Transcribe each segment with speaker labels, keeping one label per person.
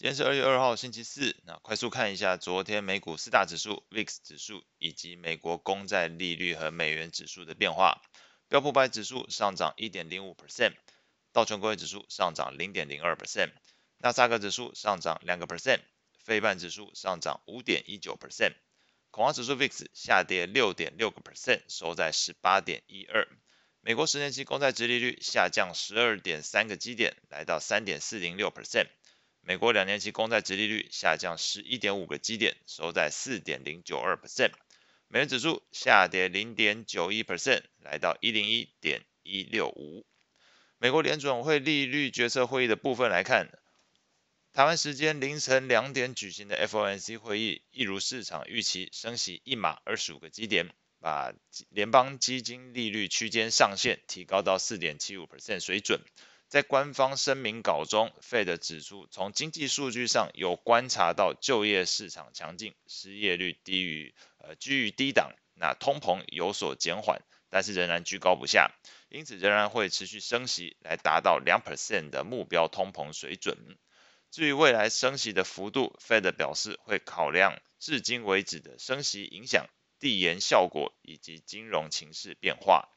Speaker 1: 今天是二月二號星期四，那快速看一下昨天美股四大指數、VIX 指數以及美國公債利率和美元指數的變化。標普五百指數上漲一點零五 percent，道瓊工業指數上漲零點零二 percent，那斯達克指數上漲兩個 percent，費半指數上漲五點一九 percent，恐慌指數 VIX 下跌六點六個 percent，收在十八點一二。美國十年期公債殖利率下降十二點三個基點，來到三點四零六 percent。美國兩年期公債殖利率下降十一點五個基點，收在四點零九二%。美元指數下跌零點九一 %，percent 來到一零一點一六五。美國聯準會利率決策會議的部分來看，台灣時間凌晨兩點舉行的 FOMC 會議，一如市場預期，升息一碼二十五個基點。把聯邦基金利率區間上限提高到4.75%水準。在官方聲明稿中，Fed 指出，從經濟數據上有觀察到就業市場強勁，失業率低於呃居於低檔，那通膨有所減緩，但是仍然居高不下，因此仍然會持續升息來達到2%的目標通膨水準。至於未來升息的幅度，Fed 表示會考量至今為止的升息影響。遞延效果以及金融情勢變化。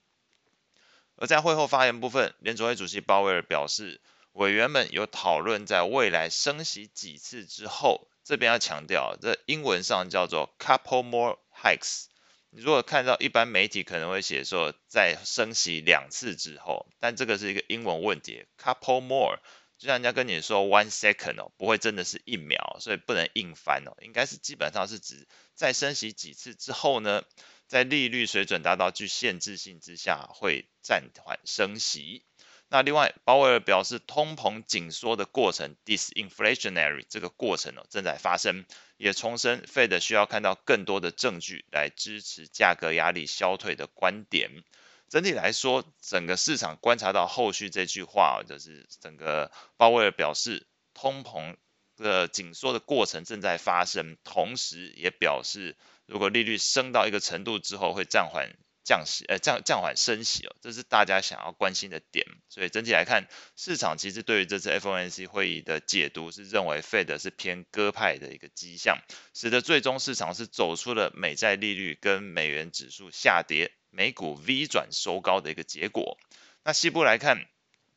Speaker 1: 而在會後發言部分，聯準會主席鮑威爾表示，委員們有討論在未來升息幾次之後，這邊要強調，這英文上叫做 couple more hikes。你如果看到一般媒體可能會寫說在升息兩次之後，但這個是一個英文問題，couple more。就像人家跟你說 one second 哦，不會真的是一秒，所以不能硬翻哦，應該是基本上是指再升息幾次之後呢，在利率水準達到具限制性之下會暫緩升息。那另外，鮑威爾表示，通膨緊縮的過程 disinflationary 這個過程哦正在發生，也重申 Fed 需要看到更多的證據來支持價格壓力消退的觀點。整體來說，整個市場觀察到後續這句話，就是整個鮑威爾表示，通膨的緊縮的過程正在發生，同時也表示，如果利率升到一個程度之後，會暫緩降息，呃、哎，降暫緩升息哦，這是大家想要關心的點。所以整體來看，市場其實對於這次 FOMC 會議的解讀是認為 Fed 是偏鴿派的一個跡象，使得最終市場是走出了美債利率跟美元指數下跌。美股 V 轉收高的一個結果。那西部來看，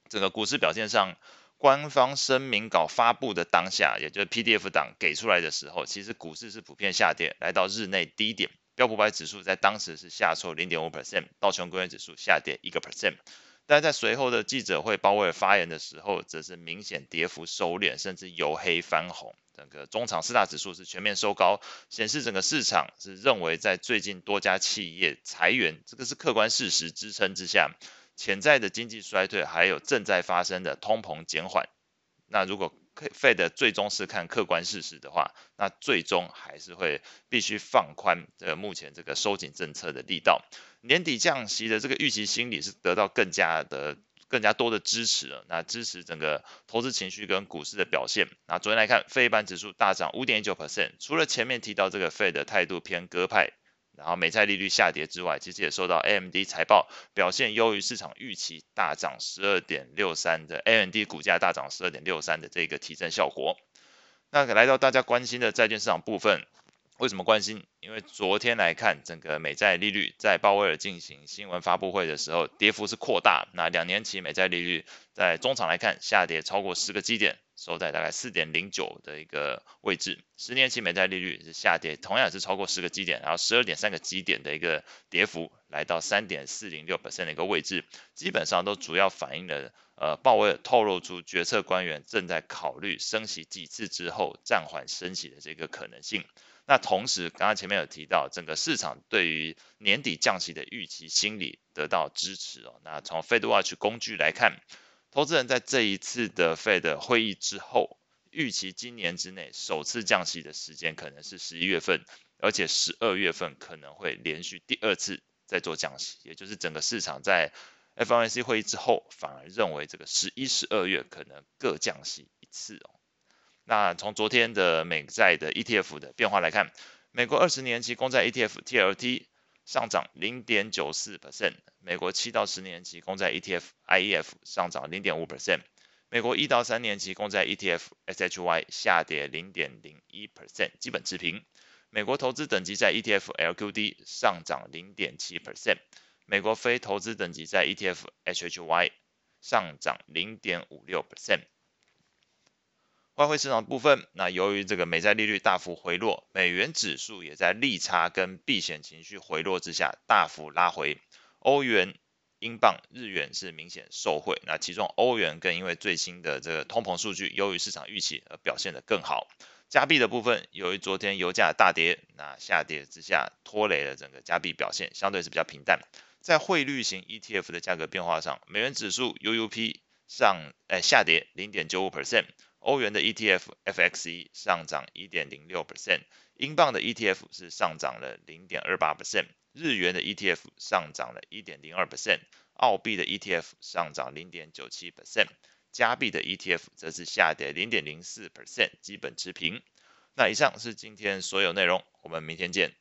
Speaker 1: 整個股市表現上，官方聲明稿發布的當下，也就是 PDF 檔給出來的時候，其實股市是普遍下跌，來到日內低點。標普五百指數在當時是下挫零點五 percent，道瓊工業指數下跌一個 percent。但在隨後的記者會鮑威爾發言的時候，則是明顯跌幅收斂，甚至由黑翻紅。整個終場四大指數是全面收高，顯示整個市場是認為在最近多家企業裁員，這個是客觀事實支撐之下，潛在的經濟衰退還有正在發生的通膨減緩。那如果 Fed 最終是看客觀事實的話，那最終還是會必須放寬這個，目前這個收緊政策的力道，年底降息的這個預期心理是得到更加的。更加多的支持了，那支持整個投資情緒跟股市的表現。那昨天來看，費半指數大漲五點一九 percent，除了前面提到這個 FED 的態度偏鴿派，然後美債利率下跌之外，其實也受到 AMD 財報表現優於市場預期，大漲十二點六三的 AMD 股價大漲十二點六三的這個提振效果。那來到大家關心的債券市場部分。為什麼關心？因為昨天來看，整個美債利率在鮑威爾進行新聞發佈會的時候，跌幅是擴大。那兩年期美債利率在中場來看下跌超過十個基點，收在大概四點零九的一個位置。十年期美債利率是下跌，同樣是超過十個基點，然後十二點三個基點的一個跌幅，來到三點四零六百分的一個位置。基本上都主要反映了，呃，鮑威爾透露出決策官員正在考慮升息幾次之後暫緩升息的這個可能性。那同時，剛剛前面有提到，整個市場對於年底降息的預期心理得到支持哦。那從 FedWatch 工具來看，投資人在這一次的 Fed 會議之後，預期今年之內首次降息的時間可能是十一月份，而且十二月份可能會連續第二次再做降息，也就是整個市場在 FOMC 會議之後，反而認為這個十一、十二月可能各降息一次哦。那從昨天的美債的 ETF 的變化來看，美20，美國二十年期公債 ETF TLT 上漲0.94%，美國七到十年期公債 ETF IEF 上漲0.5%，美國一到三年期公債 ETF SHY 下跌0.01%，基本持平。美國投資等級債 ETF LQD 上漲0.7%，美國非投資等級債 ETF HYG 上漲0.56%。外匯市場部分，那由於這個美債利率大幅回落，美元指數也在利差跟避險情緒回落之下大幅拉回。歐元、英鎊、日元是明顯受惠，那其中歐元更因為最新的這個通膨數據優於市場預期而表現得更好。加幣的部分，由於昨天油價大跌，那下跌之下拖累了整個加幣表現，相對是比較平淡。在匯率型 ETF 的價格變化上，美元指數 UUP 上、呃、下跌零點九五 percent。歐元的 ETF FXE 上漲一點零六 percent，英鎊的 ETF 是上漲了零點二八 percent，日元的 ETF 上漲了一點零二 percent，澳幣的 ETF 上漲零點九七 percent，加幣的 ETF 則是下跌零點零四 percent，基本持平。那以上是今天所有內容，我們明天見。